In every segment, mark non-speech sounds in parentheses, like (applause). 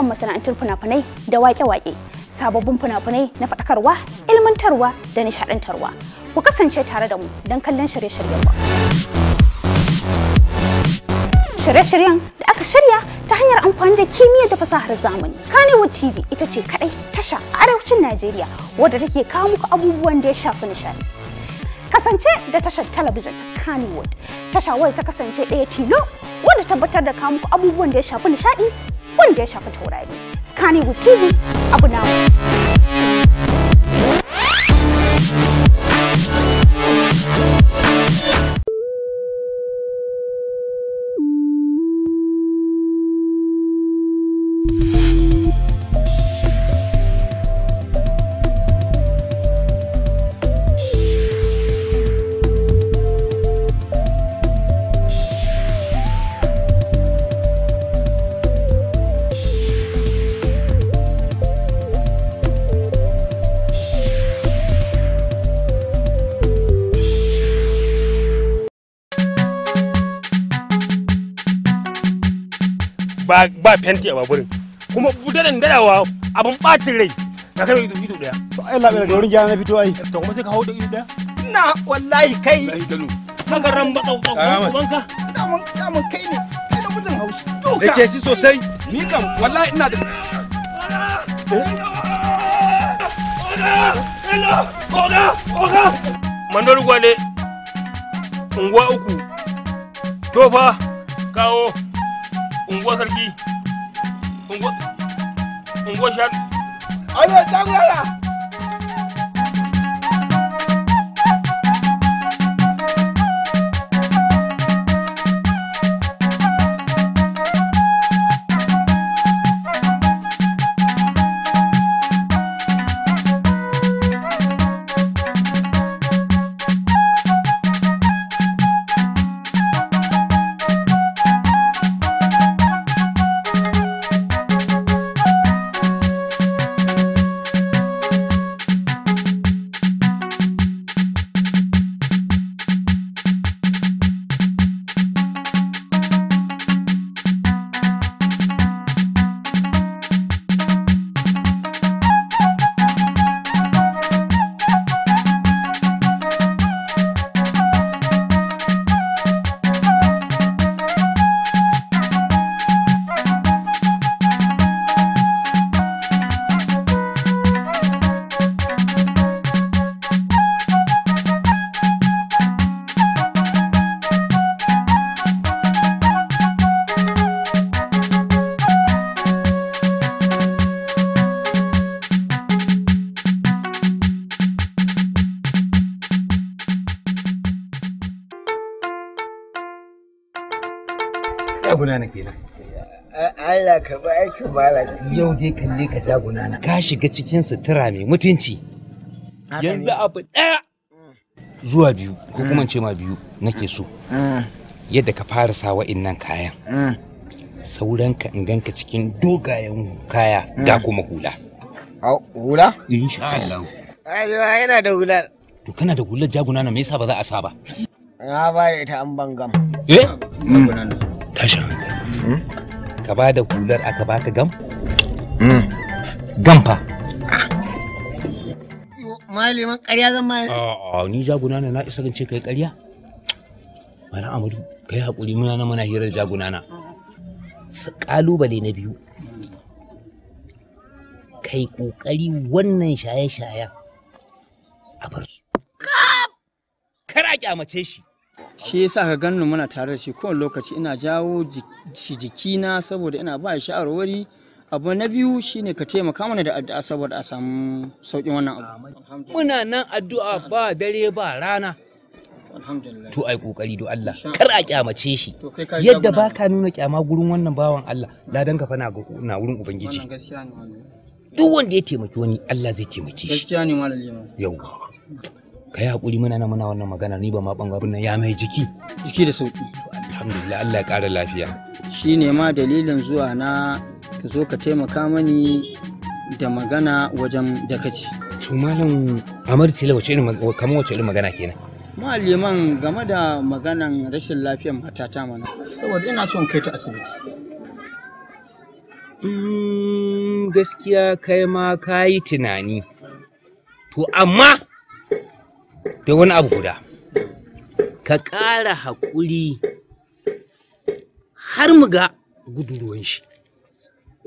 kan masana'antar fina-finai da wake-wake sababbin fina-finai na faɗakarwa ilmantarwa da nishaɗantarwa ku kasance tare da mu don kallon shirye-shiryen ba. shirye-shiryen da aka shirya ta hanyar amfani da kimiyyar da fasahar zamani. Kanewood TV ita ce kaɗai tasha a arewacin Najeriya wadda take kawo muku abubuwan da ya shafi nishadi. Kasance da tashar talabijin ta Kanewood, tasha wadda ta kasance ɗaya tilo wadda tabbatar da kawo muku abubuwan da ya shafi nishadi one dish of it already. Kani with TV, up now. ba fenti a baburin kuma butanen dadawa abin bacin rai na kai ido ido daya to ai labe daga wurin gyara na fito ai to kuma sai ka hauda ido daya na wallahi kai kan ran ba tsau tsau wanka da mun da mun kai ne kai da mijin haushi to ka yake shi sosai ni kam wallahi ina da Hello! Oga! Oga! Mandar gwale, Ngwa uku, tofa, kawo, unguwa sarki unguwa shan jaguna na kenan Allah ka ba aiki malaka yau dai kalle ka jaguna na ka shiga cikin sutura mai mutunci yanzu abu ɗaya zuwa biyu ko kuma mm. ce ma biyu nake so mm. yadda ka fara sa wa'innan kayan mm. ka in ganka cikin dogayen kaya ga kuma hula hula insha Allah yana da hular to kana da hular jaguna na me yasa ba za a sa ba na ba da ita an bangam eh tashin hankali ka ba da hular aka baka gam hmm. gam fa malamin ƙarya zan ma a'a ni jaguna na na isa gance kai ƙarya malam amadu kai hakuri muna na muna hirar jaguna na ƙalubale na biyu kai ƙoƙari wannan shaye-shayen a bar su kar a kyamace shi shi yasa ka gannu muna tare da shi kowane lokaci ina jawo shi jikina saboda ina ba shi shawarwari abu na biyu shine ka taimaka mana da addu'a saboda a samu sauƙin wannan abu muna nan addu'a ba dare ba rana to ai kokari do Allah kar a kyamace shi yadda baka nuna kyama gurin wannan bawan Allah ladan ka fa na wurin ubangiji duk wanda ya taimaki wani Allah zai taimake shi gaskiya ne malam yau ka yi haƙuri muna nan muna wannan magana ni ba ma ɓangaren nan ya mai jiki jiki da sauƙi alhamdulillah Allah ya ƙara lafiya shi ne ma dalilin zuwa na ka zo ka taimaka mani da magana wajen da kaci to malam amar tila wace irin kamar wace irin magana kenan maliman game da maganan rashin lafiyar matata mana saboda ina son kai ta asibiti mm, gaskiya kai ma ka tunani to amma da wani abu guda ka ƙara haƙuri har mu ga gudurwan shi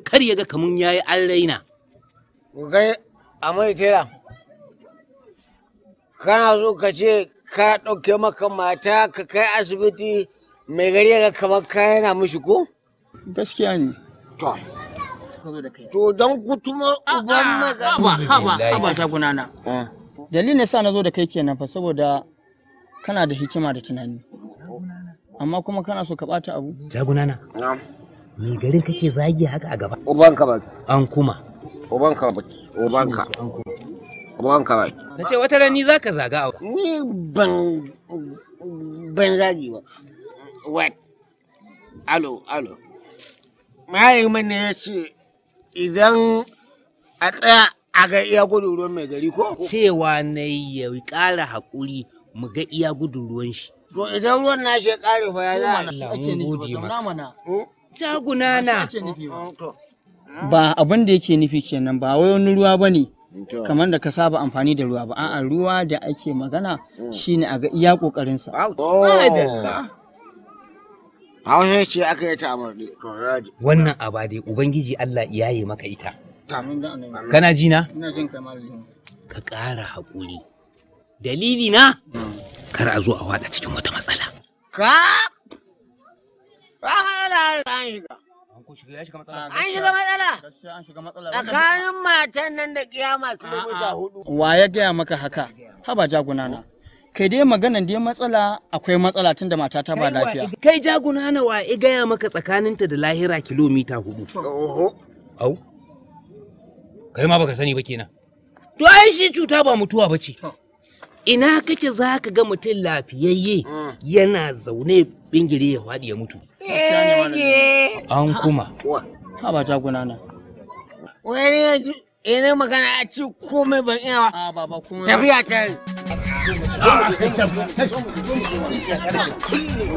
kar ya ga kamun yayi an raina a mai tera kana so ka ce ka ɗauke maka mata ka kai asibiti mai gari ya ga kamar ka yana mishi ko gaskiya ne to to don tuma ah, uban ah, magana haba haba haba ta gunana eh. dalilin yasa na zo da kai kenan fa saboda kana da hikima da tunani amma kuma kana so ka bata abu jagunana na me garin kake zagi haka a gaba ka ba an kuma ka ba uban ka ba na ce wata rani zaka zaga a ni ban ban zagi ba wat alo alo malamin ne ya ce idan a tsaya a ga iya gudun ruwan mai gari ko? Cewa na ya ƙara haƙuri mu ga iya gudun ruwan shi. To idan ruwan na shi kare fa ya za a mun gode maka. na. Hmm? Ba abin da yake nufi kenan ba wai wani ruwa ba ne. kamar da ka saba amfani da ruwa ba a'a ruwa da ake magana hmm. shine a ga iya kokarin sa oh. Haushe ce aka yi ta Wannan abadai Ubangiji Allah ya yi maka ita. kana ji na ka ƙara haƙuri dalili na kar a zo a waɗa cikin wata matsala ka An shiga matsala. kayan matan nan da kiyama kilomita hudu. Wa ya gaya maka haka? Haba jagunana. Kai dai magana dai matsala akwai matsala tun da matata ba lafiya. Kai jagunana wa ya gaya maka tsakaninta da lahira kilomita hudu. Au. kai ma baka sani ba kenan to ai shi cuta ba mutuwa ba ce ina kake za ka ga mutum lafiyayye yana zaune bingire ya faɗi ya mutu an kuma ha ba ta wani ya ji ina magana a ci komai ban iya ba tafiya ta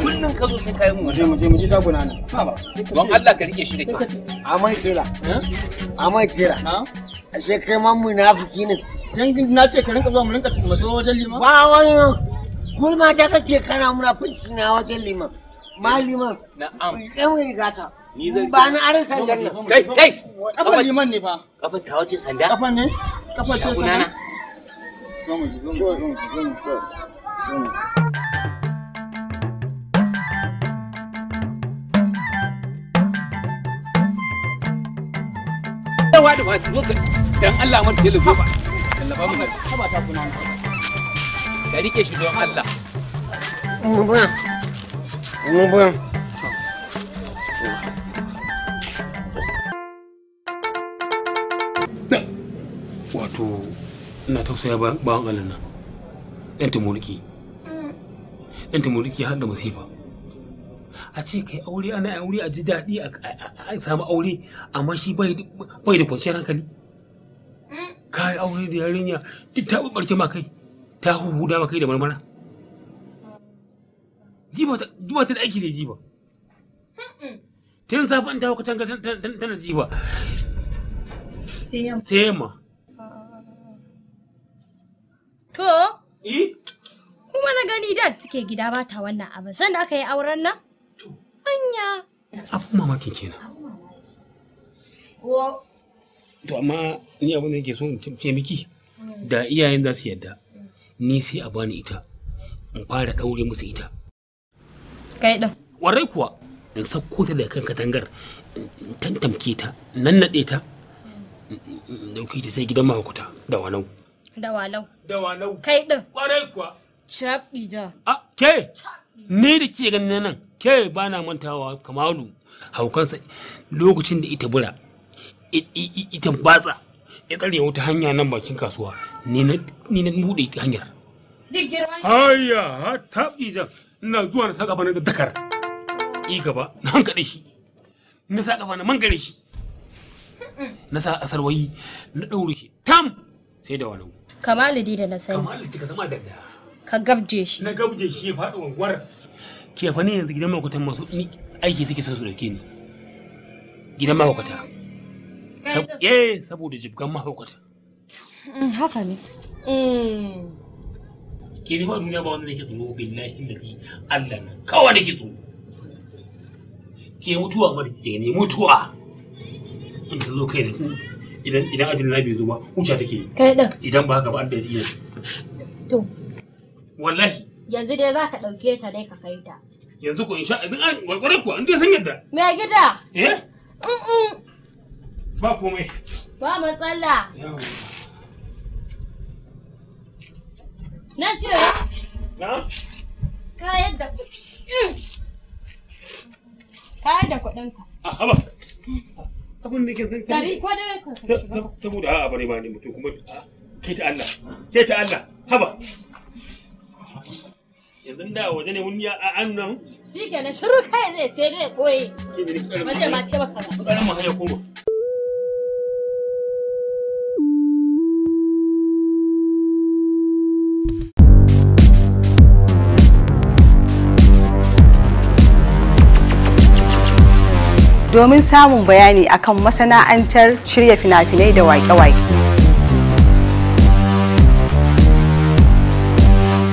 kullum ka zo kayi mu waje muje muje ta don Allah ka rike shi da kyau ashe kai ma munafiki ne dan na ce ka rinka zuwa mu rinka tuma zo wajen liman ba wani ma ta kake kana munafici na wajen liman ma liman na'am kai mu rigata ni zan ba na arin sandan nan kai kai kafa liman ne fa kafa ta wace sanda kafa ne kafa ce sanda dawa da wata zo dan Allah mun tele zo ba tallaba mu ka ba ta kuna ka rike shi don Allah mu ba mu ba wato ina tausaya bayan Allah nan mm. har da masifa a ce kai aure ana aure a ji daɗi a samu aure amma shi bai da kwanciyar hankali mm. ka yi aure da yarinya duk ta barke ma kai ta huhuda ma kai da marmara jiba ta da aiki sai jiba tun safi an tawo katanga tana jiba sai ma. to eh? kuma na gani da take gida ba ta wannan abin sanda aka yi auren nan Anya. Abin mamakin kenan. To amma ni abin da yake so in ce miki da iyayen za su yadda ni sai a bani ita in fara ɗaure musu ita. Kai ɗin. Warai kuwa in sauko ta daga kan katangar in tantamke ta nan naɗe ta in ɗauki ta sai gidan mahakuta da walau. Da walau. Da walau. Kai ɗin. Warai kuwa. Chap ija Ah, ke. Chap. ni da ke ganin nan ke ba na mantawa kamalu haukansa lokacin da ita bura ita batsa ya tsare wata hanya nan bakin kasuwa ni na buɗe hanyar haya ha taɓi zan ina zuwa na saka bana da dakar i gaba na hankali shi na saka bana gare shi na sa asarwayi na ɗaure shi tam sai da walau kamalu di da na sani kamalu ka zama da da ka gabje shi na gabje shi ya faɗi wangwar ke fa ne yanzu gidan makwatan masu aiki suke so su dauke ni gidan mahaukata eh saboda jibgan mahaukata mm, haka ne mm. ke ne fa duniya ba wanda nake tsoro billahi Allah na kawai nake tsoro ke mutuwa ma da kike ne mutuwa in ta zo kai da idan ajin na bai zo ba huta take kai idan ba haka ba Allah iya to wallahi yanzu dai za ka ɗauke ta dai ka kai ta yanzu ko insha Allah an kwakware ko an dai san yadda me gida eh ba komai ba matsala na ce na ka yadda ka mm. yadda kuɗin ka a ah, haba abin da ke san tari ko da ka saboda a'a bari ba ne mutum kuma kai ta Allah kai ta Allah haba yanzu da a domin samun bayani akan masana'antar shirya fina-finai da waƙe-waƙe.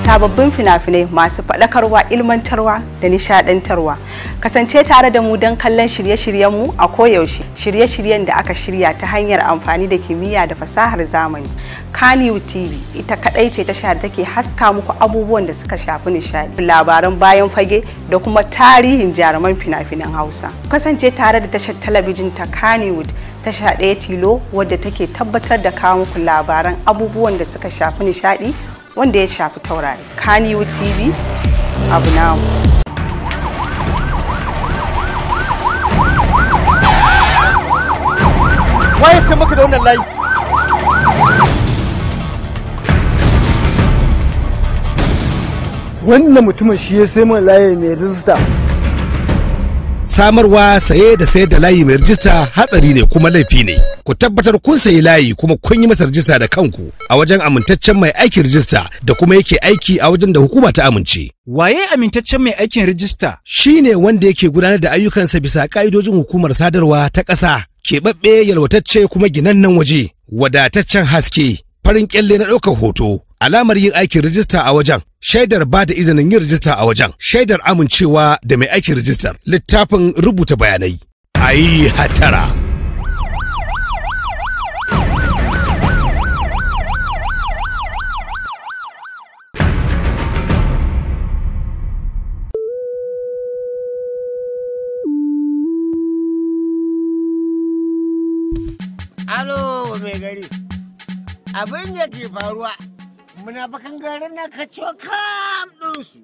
sababbin fina-finai masu faɗakarwa ilmantarwa da nishaɗantarwa kasance tare da mu don kallon shirye-shiryenmu a koyaushe shirye-shiryen da aka shirya ta hanyar amfani da kimiyya da fasahar zamani kaniyu tv ita kaɗai ce tasha da take haska muku abubuwan da suka shafi nishaɗi labaran bayan fage da kuma tarihin jaruman fina-finan hausa kasance tare da tashar talabijin ta kaniwood tasha ɗaya tilo wadda take tabbatar da kawo muku labaran abubuwan da suka shafi nishaɗi wanda ya shafi taurari Kannywood TV abu namu. waye sai muka da wannan wannan mutumin shi ya sai mun layi mai rizista samarwa saye da sayar da layi mai rijista hatsari ne kuma laifi ne ku tabbatar kun sayi layi kuma kun yi masa rijista da kanku a wajen amintaccen mai aikin rijista da kuma yake aiki a wajen da hukuma ta amince waye amintaccen mai aikin rijista shine wanda yake gudanar da ayyukansa bisa ka'idojin hukumar sadarwa ta ƙasa keɓaɓɓe yalwatacce kuma ginannen waje wadataccen haske farin kyalle na ɗaukar hoto alamar yin aikin rijista a wajen shaidar ba da izinin yin rijista a wajen, shaidar amincewa da mai aikin rijistar, littafin rubuta bayanai. A yi hatara. Alo mai gari, abin yake ke faruwa munafakan garin na ka ciwo kam ɗinsu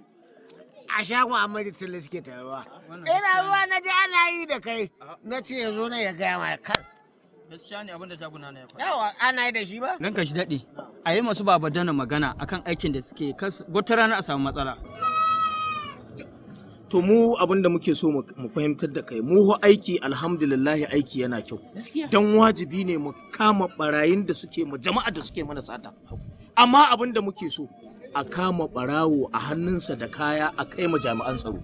a shagon amadu tilla suke taruwa ina ruwa na ji ana yi da kai na ce ya zo na ya gaya ma kas gaskiya ne abinda jaguna na ya faɗa yawa ana yi da shi ba ranka shi daɗe a yi masu baba dana magana akan aikin da suke kas wata rana a samu matsala to mu abin da muke so mu fahimtar da kai mu aiki alhamdulillah aiki yana kyau don wajibi ne mu kama barayin da suke mu jama'a da suke mana sata amma abin da muke so a kama barawo a hannunsa da kaya a kai ma jami'an tsaro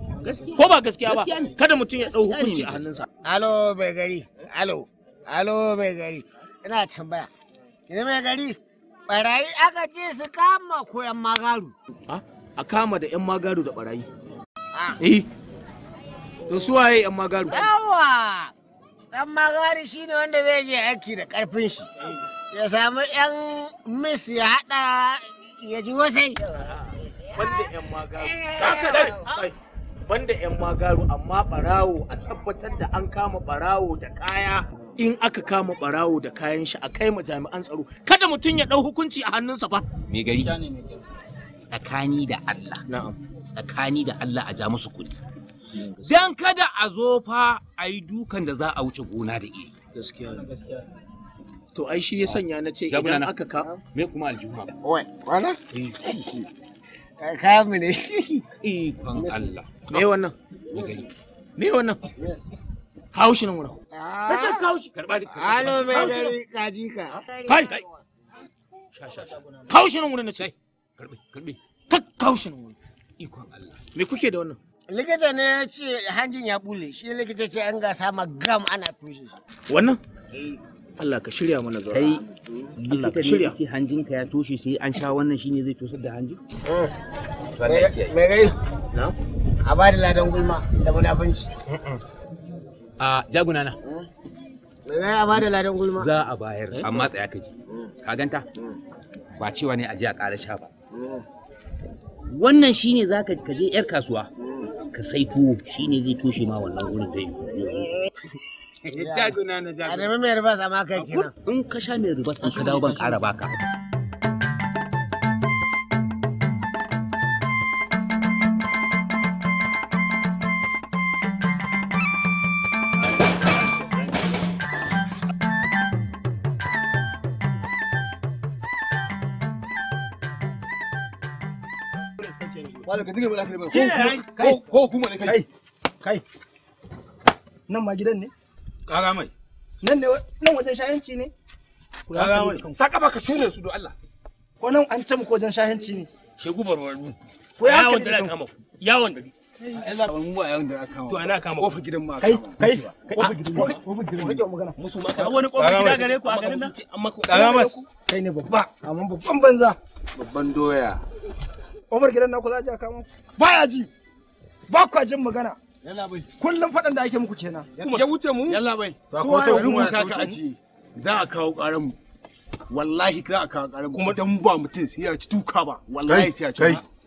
ko ba gaskiya ba kada mutum ya ɗau hukunci a hannunsa alo mai gari alo alo mai gari ina tambaya yanzu mai gari barayi aka ce su kama ko yan magaru a kama da yan magaru da barayi eh to su waye yan magaru yawa yan magaru shine wanda zai je aiki da karfin shi eh. ya samu yan miss ya hada ya ji wasai banda yan magaru yan magaru amma barawo a tabbatar da an kama barawo da kaya in aka kama barawo da kayan shi a kai ma jami'an tsaro kada mutum ya ɗau hukunci a hannunsa ba me gari tsakani da Allah tsakani da Allah a ja musu kuɗi Dan kada a zo fa a dukan da za a wuce gona da iri. Gaskiya. to ai shi ya sanya na ce idan aka ka me kuma aljuma wai wala eh, ka mu ne ikon Allah me wannan me wannan kawo shi nan wurin ka ah. ce kawo shi karba da alo me gari kaji ka kai kawo shi nan wurin na ce karbi karbi ka kawo shi nan wurin ikon Allah me kuke da wannan likita ne ya ce hanjin ya bule shi likita ce an gasa ma gam ana tushe shi wannan eh. Allah ka shirya mana zuwa. Kai Allah ka shirya. Ki hanjin ka ya toshe sai an sha wannan shine zai tosar da hanjin. Eh. Me gai? Na? A ba da ladan gulma da munafunci. A jaguna na. Eh. Me gai a ba da ladan gulma? Za a bayar eh. amma tsaya kaji. Mm. Ka ganta? Mm. Ba cewa ne a ji a ƙara sha ba. Wannan shine za ka je 'yar kasuwa. Mm. Ka sai tuwo shine zai toshe ma wannan gurin zai yi. (laughs) Jaguna na jaguna. A nemi mai kai kenan. In ka sha mai ribas in ka dawo ban ƙara baka. Ko kuma kai. Kai. Nan ma gidan ne? Kaga mai. Nan ne nan wajen shayanci ne? Kaga mai. Saka baka sirrin su don Allah. Ko nan an ce muku wajen shayanci ne? Shegu barbaru. Ko ya wanda da kama. Ya wanda. Allah ban mu yayin da aka To ana kama. Kofa gidan ma. Kai kai. Kofa gidan. Ah, kofa gidan. Kake magana. Musu ma. Wani kofa gida gare ku a garin nan? Amma ku. Kaga mas. Kai ne babba. Amma babban banza. Babban doya. Umar gidan naku za a ji a kama. ya ji. Ba ku jin magana. kullum faɗan da ake muku kenan ya wuce mu yalla bai su waye rubuta ka aji za a kawo ƙaran mu wallahi za a kawo ƙaran mu kuma dan ba mutum sai ya ci tuka ba wallahi sai ya ci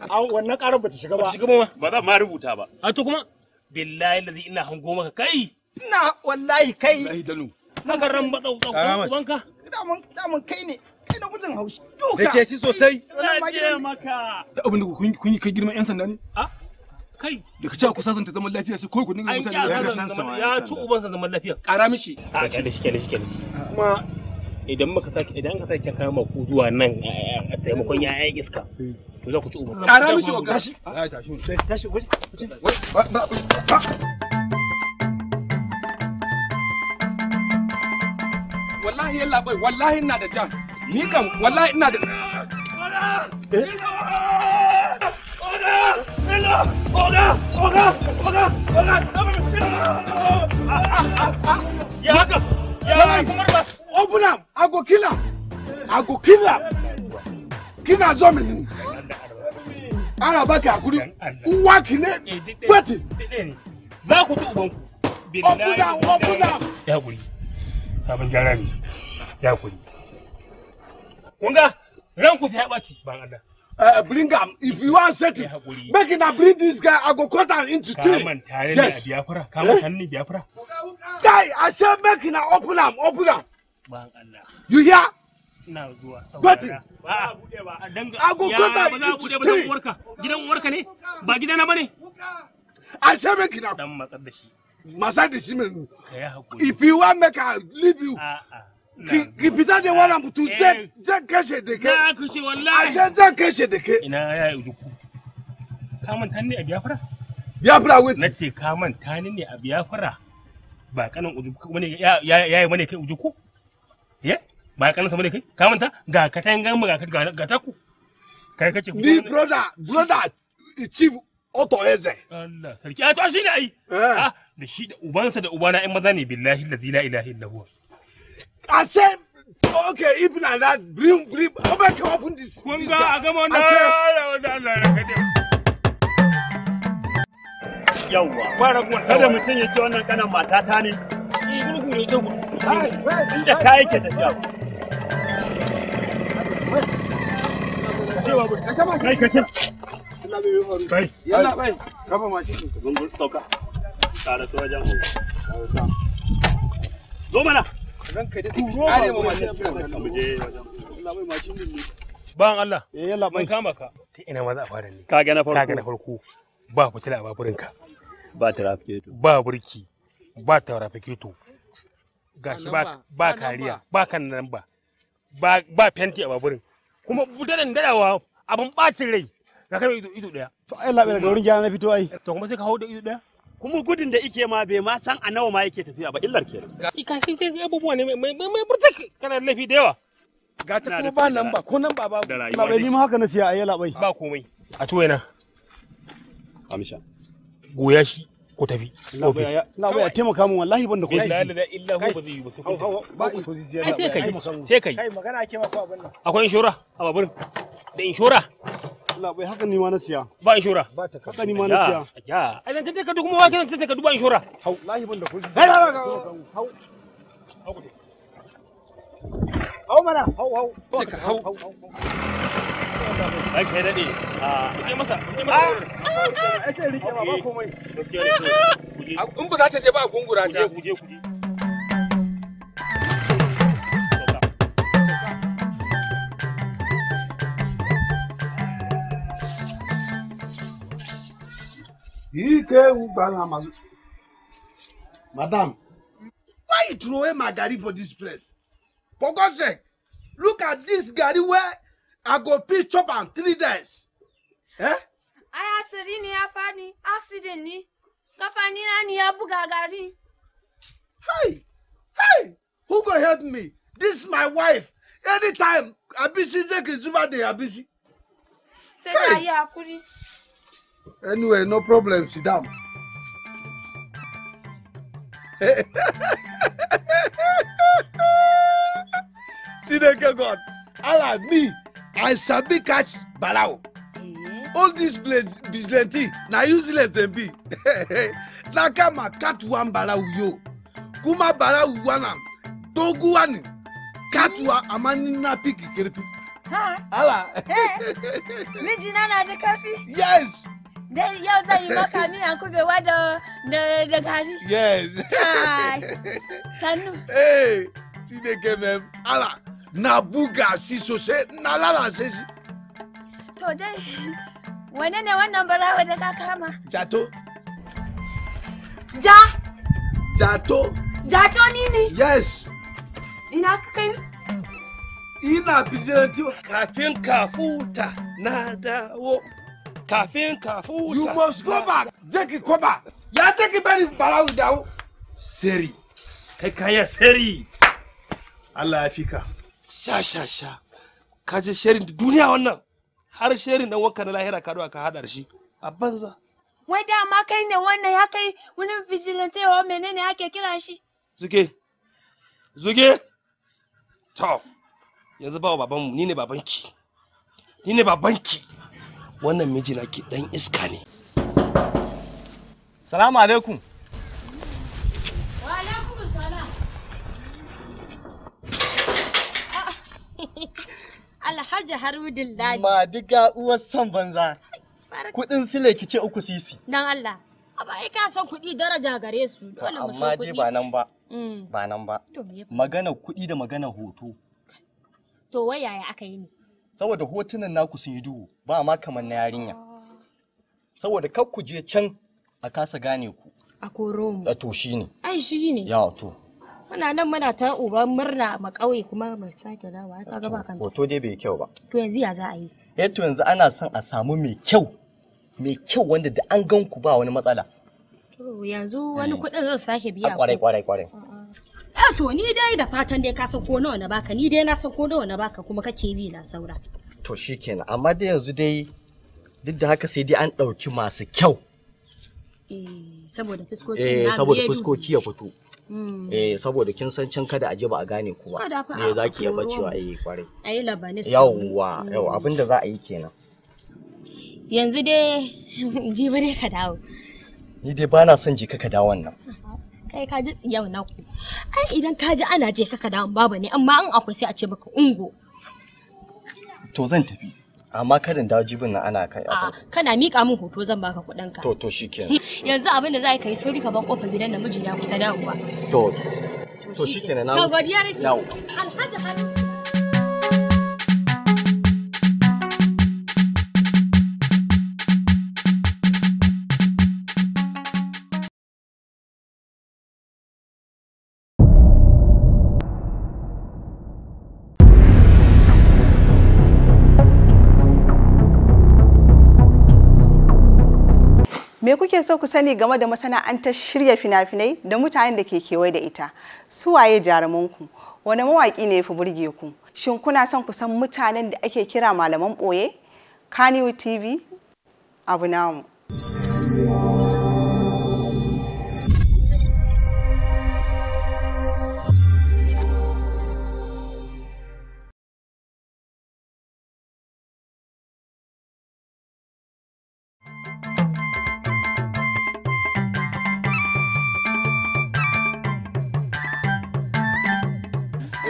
a wannan ƙaran ba ta shiga ba shiga ba ba za ma rubuta ba a to kuma billahi lazi ina hango maka kai ina wallahi kai wallahi danu magaran ba tsau tsau ubanka daman daman kai ne kai na gujin haushi duka da ke shi sosai wallahi maka da abin da kun yi kai girman yan sanda ne Ah. kai da kace ku sasanta zaman lafiya sai ko mutane ya san ya ci sa zaman lafiya ƙara mishi a ga da shike shike kuma idan muka saki idan ka saki ku zuwa nan a taimakon yayan iska to za ku ci uban ƙara mishi wa gashi tashi tashi wallahi yalla bai wallahi ina da ja ni kam wallahi ina da eh I go kill him. I ne. Za ku ci uban ku. Obuna, Ya hakuri. Sabon gyara ne. Ya Kun ranku sai ya ɓaci ban Allah. uh, bring him. if you wan settle make him bring this guy i go cut him into three yes guy i said make him open him. open him. you hear. ina zuwa saurara ba a bude ba a danga a gogota ba za a bude ba dan uwarka gidan uwarka ne ba gidana masa da shi if you want make him leave you ki fita da wara mutu zan kashe da ke na kashe wallahi ashe zan kashe da ke ina ya yi juku ka manta ne a biyafra biyafra wait ce ka manta ne a biyafra ba kanin ujuku bane ya ya yi mana kai ujuku ye ba kanan sa bane kai ka manta ga katangan mu ga ga taku kai kace ni brother brother chief Oto Eze. Allah sarki a to shi ne ai. Eh. Ah, da shi da ubansa da ubana in maza ne billahi la ilaha illa I said, okay, if na that, bring, bring, how about open this? Kun this I come on, Yawwa, fara kuma kada mutum ya ce wannan kanan matata ne. Kai Kai. Yalla bai. Kafa sauka. Tare su wajen. Zo mana. ranka da turo ba ne mashin mu je wajen Allah bai mashin din ne ban Allah eh yalla bai kama ka ta ina maza a fara ne kaga na farko kaga na farko ba fitila a baburin ka ba trafiketo ba burki ba trafiketo gashi ba ba kariya ba kan nan ba ba fenti a baburin kuma butanen dadawa abin bacin rai ka kai ido ido daya to ai labe daga wurin gyara na fito ai to kuma sai ka hau da ido daya kuma gudun da ike ma bai ma san a nawa ma yake tafiya ba illar kenan ka shi ke abubuwa ne mai mai burtak kana lafi da yawa ga ta kuma ba nan ba ko nan ba ba ba bai nima haka na siya yala bai ba komai a tuwa yana amisha goya shi ko tafi bai a taimaka mu wallahi ban da ko sisi ba yi ba ba sai kai sai kai magana ake maka abin nan akwai inshora a babur da inshora Allah bai haka ni ma na siya. Ba inshora. Ba ta Haka ni ma na siya. Ya, a zance take kuma wake zance take duba Hau, lahi ban da Hau. Hau. Hau mana. Hau hau. hau. Ai kai dade. Ah, ke masa, masa. Ah. sai rike ba komai. In ba za ta ba gungura ta. Kuje kuje. ike ewu gbara amazon madam why you throw away my garri for this place for god sake look at this garri wey i go fit chop am three days. Eh? aya tiri ni afa ni accident ni kafa ni na ni ya buga garri. hey hey who go help me This my wife anytime abisi jake zuba dey abisi. sẹ́yìn ayé akuri. Anyway, no problem. Sit down. Chineke God, Allah me, I shall be catch balawo. Eh? All this vigilante na useless dem be. (laughs) Na kama catch one balawo yo. Kuma balawo one am. Togu one. Catch hmm? one amani na pikikiripi. Huh? Allah. Eh? Mijina na da kafi? (laughs) Yes. Dan yau zan yi maka miyan kubewa da da gari. Yes. Sannu. Eh, shi da ke mem. Ala, na buga shi sosai, na lalace shi. To dai, wane ne wannan barawa da ka kama? Jato. Ja. Jato. Jato ni ne? Yes. Ina kai? Ina bijiranti kafin kafuta na dawo. kafin kafu you must go back jeki koba ya jeki bari barawu dawo seri kai kaya seri Allah ya fika sha sha sha ka je sherin duniya wannan har sherin dan wanka na lahira ka ka hadar shi a banza wai ma kai ne wannan ya kai wani vigilante wa menene ake kira shi zuge zuge to yanzu ba babanmu ni ne babanki ni ne babanki wannan miji na ke dan iska ne salamu alaikum Alhaji alaikum salam (laughs) ma diga uwar san banza kudin sile ki ce uku sisi dan Allah Aba ai ka san kudi daraja gare su dole mu san kudi. amma ba nan ba mm. ba nan ba magana kudi da magana hoto to wai yaya aka yi ne saboda hotunan naku sun yi duhu ba ma kamar na yarinya saboda kar ku je can a kasa gane ku a koro mu a to shine ai shine ya to muna nan muna ta uba murna ma kauye kuma mai sake dawa ka ga ba kanta hoto dai bai kyau ba to yanzu ya za a yi eh to yanzu ana son a samu mai kyau mai kyau wanda da an gan ku ba wani matsala to yanzu wani kudin zan sake biya kwarai kwarai kwarai ah. Eh to ni dai da fatan dai ka ko nawa na baka ni dai na ko nawa na baka kuma kake bi na saura. To shikenan amma dai yanzu dai duk da haka sai dai an ɗauki masu kyau. Saboda eh saboda eh, fuskoki ya fito. Hmm. Eh saboda kin san can kada a ji ba a gane kowa. Me za ki iya bacewa eh kware. Ayi labanis. Yawwa hmm. yawwa abinda za a yi kenan. Yanzu dai (laughs) jibi dai ka dawo. Ni dai ba na son je ka dawo wannan. kai ka ji tsiyau na ku ai idan ka ji ana je kaka da baba ne amma an akwai sai a ce baka ungo to zan tafi amma karin dawo jibin na ana kai a kana mika min hoto zan baka kuɗin ka to to shikenan (laughs) yanzu abin da za kai yi sauri ka bar kofar gidan namiji ya kusa dawowa to to shikenan na godiya nake alhaji muke so ku sani game da masana'antar shirya fina-finai da mutanen da ke kewaye da ita. Su waye jarumanku? wani mawaƙi ne ya fi burge ku? Shin kuna son ku san mutanen da ake kira malaman ɓoye? Kaniwu TV, abu namu.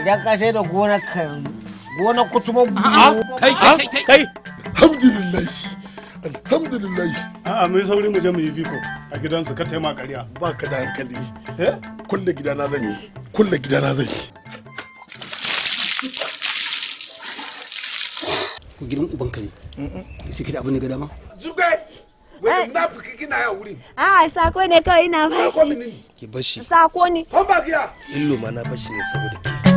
idan ka sai da gonar ka gonar kutuma kai kai kai kai alhamdulillah alhamdulillah a'a mai sauri mu je mu yi biko a gidansu ka taima ƙarya ba ka da hankali eh? kulle na zan yi kulle na zan yi ko gidan ka ne sai da abin da ga dama zugai wani eh. kina ya wuri a sako ne kawai ina bashi ki bashi sako ne ban ba kiya illo ma na bashi ne saboda ke